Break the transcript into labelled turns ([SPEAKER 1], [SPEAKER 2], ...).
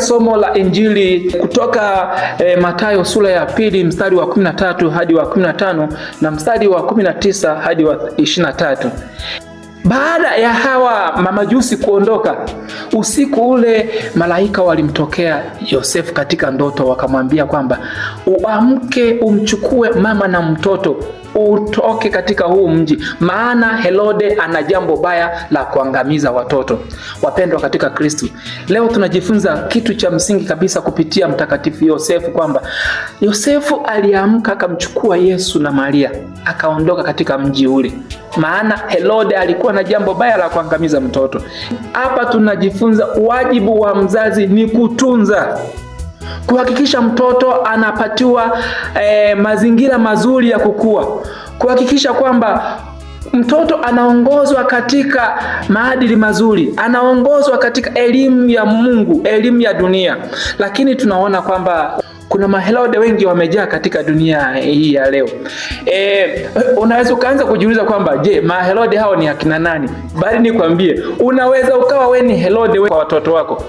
[SPEAKER 1] Somo la Injili kutoka e, Mathayo sura ya pili mstari wa 13 hadi wa 15 na mstari wa 19 hadi wa 23. Baada ya hawa mamajusi kuondoka, usiku ule malaika walimtokea Yosefu katika ndoto, wakamwambia kwamba uamke, umchukue mama na mtoto utoke katika huu mji, maana Herode ana jambo baya la kuangamiza watoto. Wapendwa katika Kristo, leo tunajifunza kitu cha msingi kabisa kupitia mtakatifu Yosefu kwamba Yosefu aliamka akamchukua Yesu na Maria akaondoka katika mji ule maana Herode alikuwa na jambo baya la kuangamiza mtoto. Hapa tunajifunza wajibu wa mzazi ni kutunza kuhakikisha mtoto anapatiwa eh, mazingira mazuri ya kukua, kuhakikisha kwamba mtoto anaongozwa katika maadili mazuri, anaongozwa katika elimu ya Mungu, elimu ya dunia. Lakini tunaona kwamba kuna maherode wengi wamejaa katika dunia hii ya leo. E, unaweza ukaanza kujiuliza kwamba je, maherode hao ni akina nani? Bali nikwambie, unaweza ukawa we ni Herode kwa watoto wako.